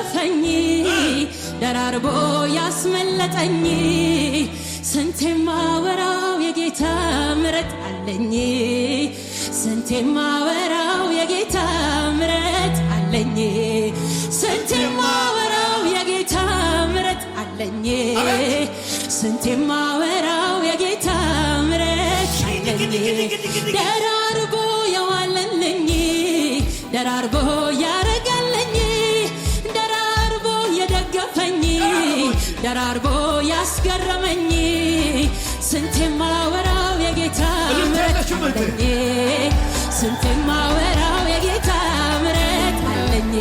የገረፈኝ ደራርቦ ያስመለጠኝ ስንቴ ማወራው የጌታ ምረት አለኝ ስንቴ ማወራው የጌታ ምረት አለኝ ስንቴ ማወራው የጌታ ምረት አለኝ ስንቴ ማወራው የጌታ ምረት አለኝ ደራርቦ የዋለልኝ ደራርቦ ያሳለፈኝ ደራርቦ ያስገረመኝ ስንት ማወራው የጌታ ምረት አለኝ ማወራው የጌታ ምረት አለኝ